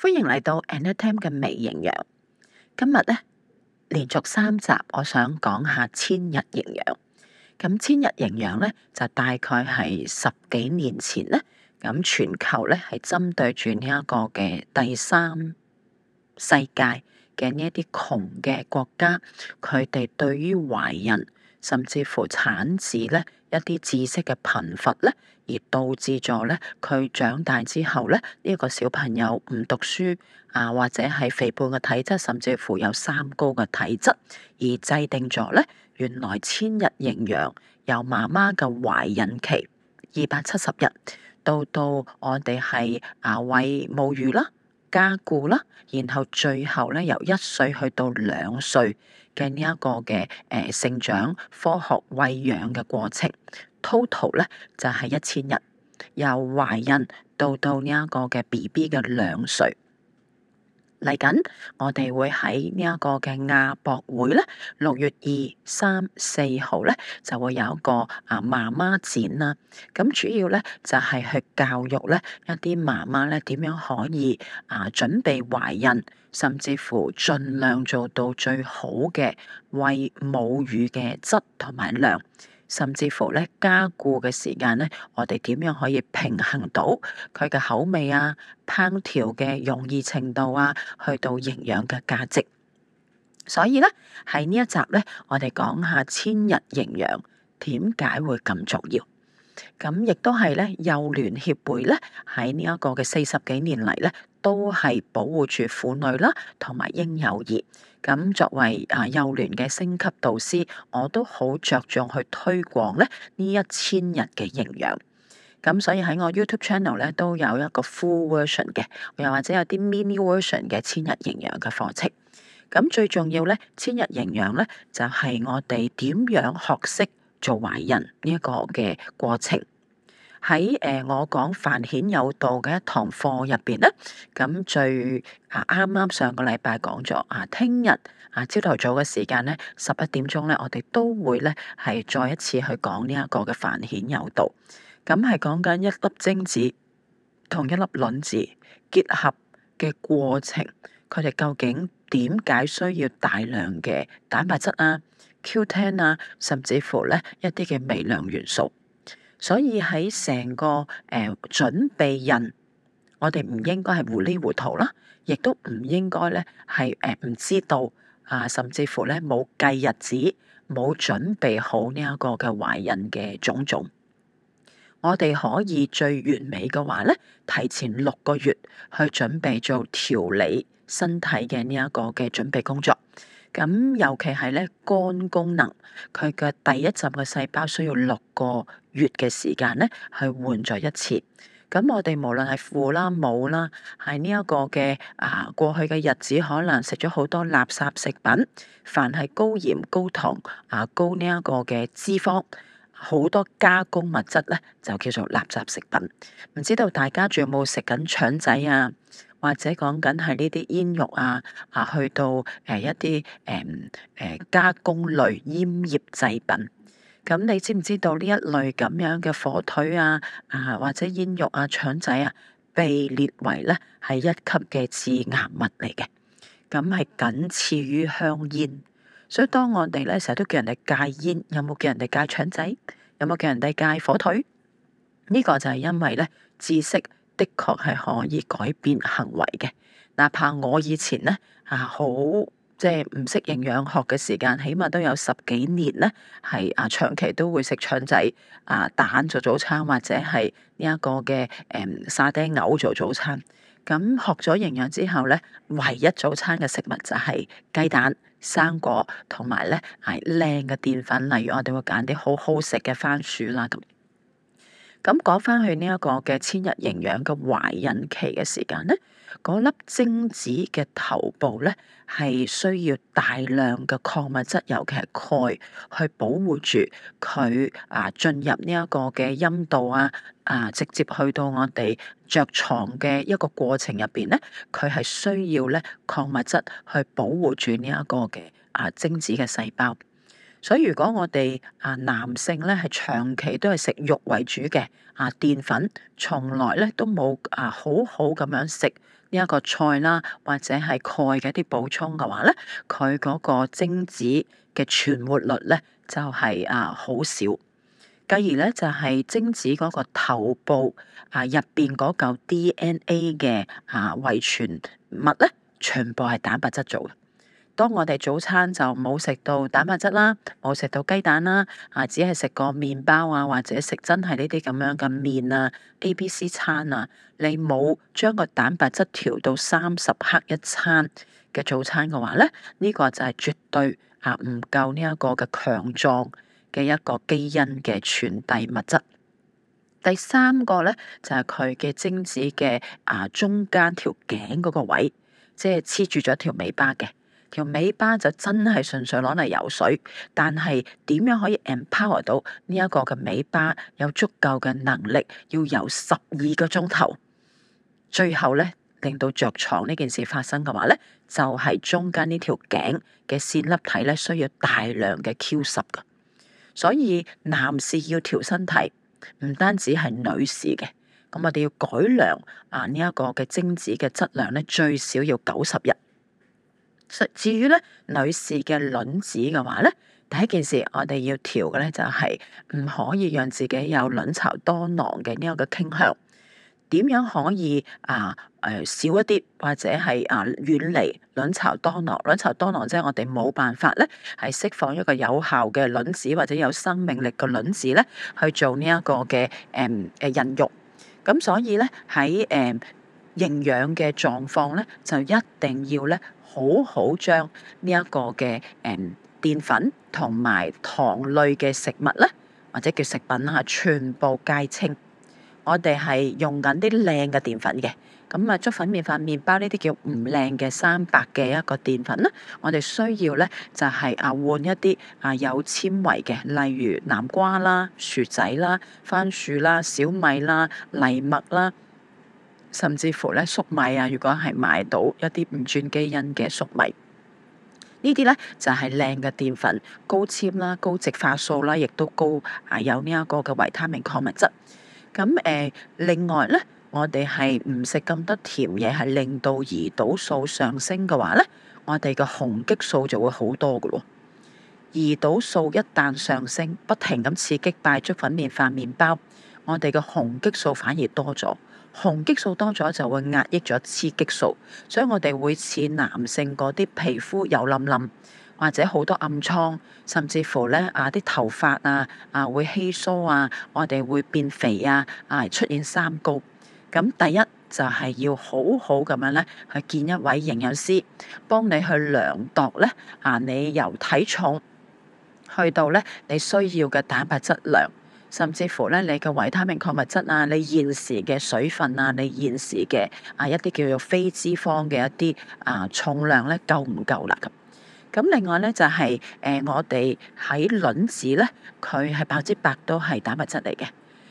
歡迎嚟到 Annette Tam 嘅微營養。今日咧連續三集，我想講下千日營養。咁千日營養咧就大概係十幾年前咧，咁全球咧係針對住呢一個嘅第三世界嘅呢一啲窮嘅國家，佢哋對於懷孕甚至乎產子咧。一啲知識嘅貧乏咧，而導致咗咧佢長大之後咧，呢一個小朋友唔讀書啊，或者係肥胖嘅體質，甚至乎有三高嘅體質，而制定咗咧，原來千日營養由媽媽嘅懷孕期二百七十日，到到我哋係啊餵母乳啦、加固啦，然後最後咧由一歲去到兩歲。嘅呢一個嘅誒、呃、成長科學餵養嘅過程，total 咧就係、是、一千日，由懷孕到到呢一個嘅 B B 嘅兩歲。嚟緊我哋會喺呢一個嘅亞博會咧，六月二、三、四號咧就會有一個啊媽媽展啦。咁、啊、主要咧就係、是、去教育咧一啲媽媽咧點樣可以啊準備懷孕。甚至乎，儘量做到最好嘅餵母乳嘅質同埋量，甚至乎咧加固嘅時間咧，我哋點樣可以平衡到佢嘅口味啊、烹調嘅容易程度啊，去到營養嘅價值。所以咧，喺呢一集咧，我哋講下千日營養點解會咁重要。咁亦都係咧，幼聯協會咧喺呢一個嘅四十幾年嚟咧，都係保護住婦女啦，同埋嬰幼兒。咁作為啊幼聯嘅星級導師，我都好着重去推廣咧呢一千日嘅營養。咁所以喺我 YouTube channel 咧，都有一個 full version 嘅，又或者有啲 mini version 嘅千日營養嘅課程。咁最重要咧，千日營養咧就係我哋點樣學識做懷孕呢個嘅過程。喺誒我講繁衍有道嘅一堂課入邊咧，咁最啊啱啱上個禮拜講咗啊，聽日啊朝頭早嘅時間咧，十一點鐘咧，我哋都會咧係再一次去講呢一個嘅繁衍有道。咁係講緊一粒精子同一粒卵子結合嘅過程，佢哋究竟點解需要大量嘅蛋白質啊、Q10 啊，甚至乎咧一啲嘅微量元素？所以喺成個誒、呃、準備孕，我哋唔應該係糊裡糊塗啦，亦都唔應該咧係誒唔知道啊，甚至乎咧冇計日子，冇準備好呢一個嘅懷孕嘅種種。我哋可以最完美嘅話咧，提前六個月去準備做調理身體嘅呢一個嘅準備工作。咁尤其係咧肝功能，佢嘅第一浸嘅細胞需要六個月嘅時間咧，係換咗一次。咁我哋無論係父啦、母啦，喺呢一個嘅啊過去嘅日子，可能食咗好多垃圾食品。凡係高鹽、高糖啊、高呢一個嘅脂肪，好多加工物質咧，就叫做垃圾食品。唔知道大家仲有冇食緊腸仔啊？或者講緊係呢啲煙肉啊？啊，去到誒一啲誒誒加工類煙葉製品。咁你知唔知道呢一類咁樣嘅火腿啊啊，或者煙肉啊腸仔啊，被列為咧係一級嘅致癌物嚟嘅。咁係僅次於香煙，所以當我哋咧成日都叫人哋戒煙，有冇叫人哋戒腸仔？有冇叫人哋戒火腿？呢個就係因為咧知識的確係可以改變行為嘅，哪怕我以前咧啊好。即係唔識營養學嘅時間，起碼都有十幾年咧，係啊長期都會食腸仔啊蛋做早餐，或者係呢一個嘅誒、嗯、沙爹牛做早餐。咁學咗營養之後咧，唯一早餐嘅食物就係雞蛋、生果同埋咧係靚嘅澱粉，例如我哋會揀啲好好食嘅番薯啦。咁咁講翻去呢一個嘅千日營養嘅懷孕期嘅時間咧。嗰粒精子嘅頭部咧，係需要大量嘅礦物質，尤其係鈣去保護住佢啊進入呢一個嘅陰道啊啊，直接去到我哋着床嘅一個過程入邊咧，佢係需要咧礦物質去保護住呢一個嘅啊精子嘅細胞。所以如果我哋啊男性咧係長期都係食肉為主嘅，啊澱粉從來咧都冇啊好好咁樣食呢一個菜啦，或者係鈣嘅一啲補充嘅話咧，佢嗰個精子嘅存活率咧就係、是、啊好少。繼而咧就係、是、精子嗰個頭部啊入邊嗰嚿 D N A 嘅啊遺傳物咧，全部係蛋白質做嘅。當我哋早餐就冇食到蛋白質啦，冇食到雞蛋啦，啊，只係食個麵包啊，或者食真係呢啲咁樣嘅麵啊，A、B、C 餐啊，你冇將個蛋白質調到三十克一餐嘅早餐嘅話咧，呢個就係絕對啊唔夠呢一個嘅強壯嘅一個基因嘅傳遞物質。第三個咧就係佢嘅精子嘅啊，中間條頸嗰個位，即係黐住咗一條尾巴嘅。條尾巴就真係純粹攞嚟游水，但係點樣可以 empower 到呢一個嘅尾巴有足夠嘅能力要游十二個鐘頭？最後咧，令到着床呢件事發生嘅話咧，就係、是、中間呢條頸嘅線粒體咧需要大量嘅 Q 十㗎，所以男士要調身體，唔單止係女士嘅，咁我哋要改良啊呢一、這個嘅精子嘅質量咧，最少要九十日。至於咧，女士嘅卵子嘅話咧，第一件事我哋要調嘅咧，就係唔可以讓自己有卵巢多囊嘅呢一個傾向。點樣可以啊？誒、呃、少一啲，或者係啊遠離卵巢多囊。卵巢多囊即係我哋冇辦法咧，係釋放一個有效嘅卵子，或者有生命力嘅卵子咧，去做呢一個嘅誒誒孕育。咁所以咧喺誒營養嘅狀況咧，就一定要咧。好好將呢一個嘅誒澱粉同埋糖類嘅食物咧，或者叫食品啊，全部戒清。我哋係用緊啲靚嘅澱粉嘅，咁、嗯、啊，粥粉麵飯、麵包呢啲叫唔靚嘅三白嘅一個澱粉啦。我哋需要咧就係啊換一啲啊有纖維嘅，例如南瓜啦、薯仔啦、番薯啦、小米啦、藜麥啦。甚至乎咧，粟米啊，如果係買到一啲唔轉基因嘅粟米，呢啲咧就係靚嘅澱粉，高纖啦，高植化素啦，亦都高啊，有呢一個嘅維他命礦物質。咁誒、呃，另外咧，我哋係唔食咁多甜嘢，係令到胰島素上升嘅話咧，我哋嘅雄激素就會好多嘅喎。胰島素一旦上升，不停咁刺激白粥粉麵飯麵包，我哋嘅雄激素反而多咗。雄激素多咗就會壓抑咗雌激素，所以我哋會似男性嗰啲皮膚油淋淋，或者好多暗瘡，甚至乎呢啊啲頭髮啊啊會稀疏啊，我哋會變肥啊啊出現三高。咁第一就係要好好咁樣呢，去見一位營養師，幫你去量度呢，啊你由體重去到呢你需要嘅蛋白質量，甚至乎咧，你嘅維他命礦物質啊，你現時嘅水分啊，你現時嘅啊一啲叫做非脂肪嘅一啲啊重量咧夠唔夠啦？咁咁另外咧就係、是、誒我哋喺卵子咧，佢係百分之百都係蛋白質嚟嘅。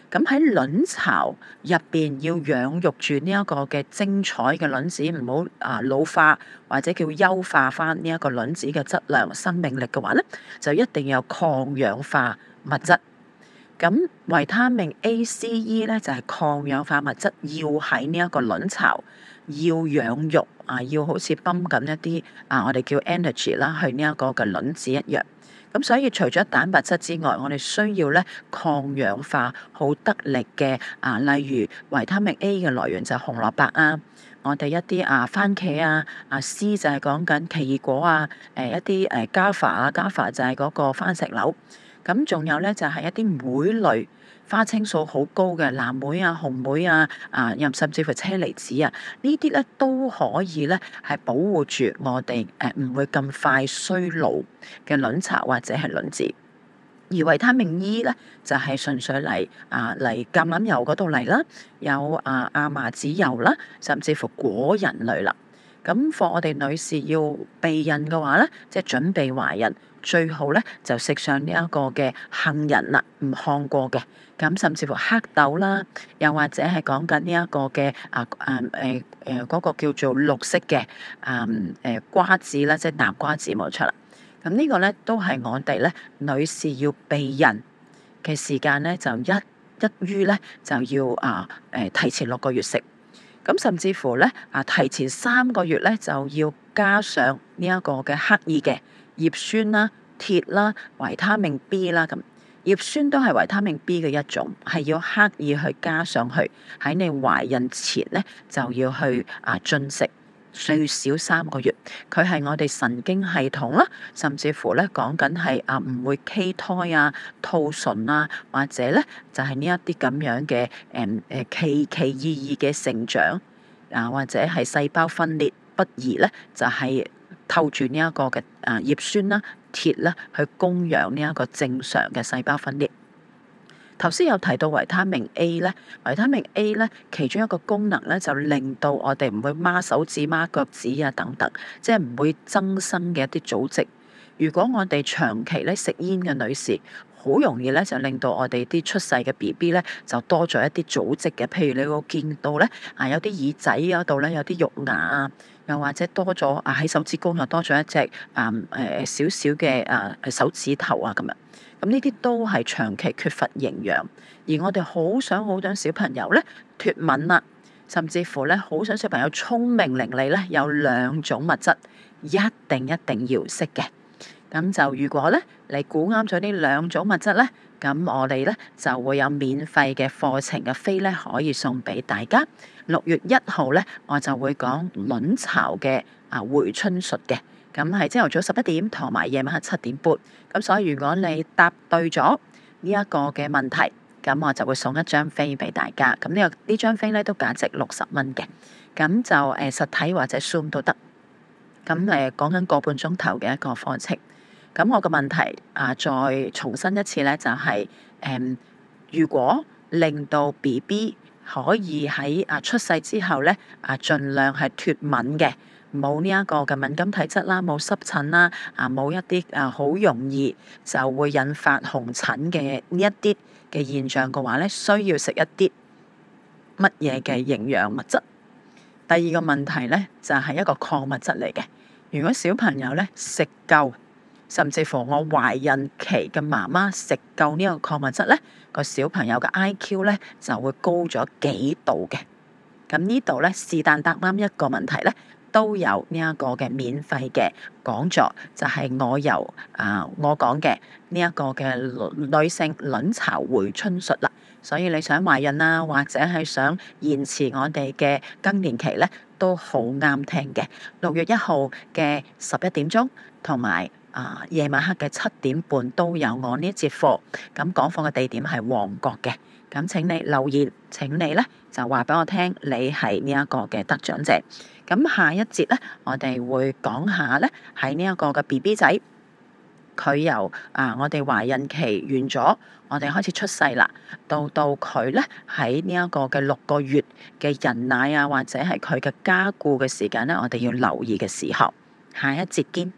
咁喺卵巢入邊要養育住呢一個嘅精彩嘅卵子，唔好啊老化或者叫優化翻呢一個卵子嘅質量、生命力嘅話咧，就一定要有抗氧化物質。咁維他命 A、C、E 咧就係抗氧化物質，要喺呢一個卵巢，要養肉啊，要好似泵緊一啲啊，我哋叫 energy 啦，去呢一個嘅卵子一樣。咁所以除咗蛋白質之外，我哋需要咧抗氧化好得力嘅啊，例如維他命 A 嘅來源就係紅蘿蔔啊，我哋一啲啊番茄啊，啊 C 就係講緊奇異果啊，誒一啲誒加法啊，加法就係嗰個番石榴。咁仲有咧就係、是、一啲莓類，花青素好高嘅藍莓啊、紅莓啊、啊，又甚至乎車厘子啊，呢啲咧都可以咧係保護住我哋誒唔會咁快衰老嘅卵巢或者係卵子。而維他命 E 咧就係、是、純粹嚟啊嚟橄欖油嗰度嚟啦，有啊亞麻籽油啦，甚至乎果仁類啦。咁、啊、for 我哋女士要備孕嘅話咧，即係準備懷孕。最好咧就食上呢一個嘅杏仁啦，唔烘過嘅。咁甚至乎黑豆啦，又或者係講緊呢一個嘅啊啊誒誒嗰個叫做綠色嘅啊誒、啊、瓜子啦，即係南瓜子冇出啦。咁、嗯這個、呢個咧都係我哋咧女士要備孕嘅時間咧，就一一於咧就要啊誒、啊、提前六個月食。咁、嗯、甚至乎咧啊提前三個月咧就要加上呢一個嘅刻意嘅。葉酸啦、啊、鐵啦、啊、維他命 B 啦、啊，葉酸都係維他命 B 嘅一種，係要刻意去加上去喺你懷孕前呢，就要去啊進食最少三個月。佢係我哋神經系統啦，甚至乎呢，講緊係啊唔會畸胎啊、兔唇啊，啊，或者呢，就係呢一啲咁樣嘅誒誒奇奇異異嘅成長啊，或者係細胞分裂不宜呢，就係、是。透住呢一個嘅啊、呃、葉酸啦、鐵啦，去供養呢一個正常嘅細胞分裂。頭先有提到維他命 A 咧，維他命 A 咧，其中一個功能咧就令到我哋唔會孖手指、孖腳趾啊等等，即係唔會增生嘅一啲組織。如果我哋長期咧食煙嘅女士，好容易咧就令到我哋啲出世嘅 BB 咧就多咗一啲組織嘅。譬如你會見到咧啊，有啲耳仔嗰度咧有啲肉芽啊。又或者多咗啊，喺手指公又多咗一隻啊，誒少少嘅啊手指頭啊咁樣，咁呢啲都係長期缺乏營養，而我哋好想好想小朋友咧脫敏啦，甚至乎咧好想小朋友聰明伶俐咧，有兩種物質一定一定要識嘅。咁就如果咧，你估啱咗呢兩組物質咧，咁我哋咧就會有免費嘅課程嘅飛咧可以送俾大家。六月一號咧，我就會講卵巢嘅啊回春術嘅，咁係朝頭早十一點同埋夜晚黑七點半。咁所以如果你答對咗呢一個嘅問題，咁我就會送一張飛俾大家。咁、這個、呢個呢張飛咧都價值六十蚊嘅，咁就誒實體或者 Zoom 都得。咁誒講緊個半鐘頭嘅一個課程。咁我個問題啊，再重申一次咧，就係、是、誒、嗯，如果令到 BB 可以喺啊出世之後咧啊，儘量係脫敏嘅，冇呢一個嘅敏感體質啦，冇濕疹啦，啊冇一啲啊好容易就會引發紅疹嘅呢一啲嘅現象嘅話咧，需要食一啲乜嘢嘅營養物質？第二個問題咧，就係、是、一個礦物質嚟嘅。如果小朋友咧食夠。甚至乎我懷孕期嘅媽媽食夠呢個礦物質咧，個小朋友嘅 IQ 咧就會高咗幾度嘅。咁呢度咧是但答啱一個問題咧，都有呢一個嘅免費嘅講座，就係我由啊我講嘅呢一個嘅女性卵巢回春術啦。所以你想懷孕啊，或者係想延遲我哋嘅更年期咧，都好啱聽嘅。六月一號嘅十一點鐘同埋，啊，夜晚黑嘅七點半都有我呢一節課。咁講課嘅地點係旺角嘅。咁、啊、請你留意，請你咧就話俾我聽，你係呢一個嘅得獎者。咁、啊、下一節咧，我哋會講下咧喺呢一個嘅 BB 仔，佢由啊我哋懷孕期完咗，我哋開始出世啦，到到佢咧喺呢一個嘅六個月嘅人奶啊，或者係佢嘅加固嘅時間咧，我哋要留意嘅時候，下一節見。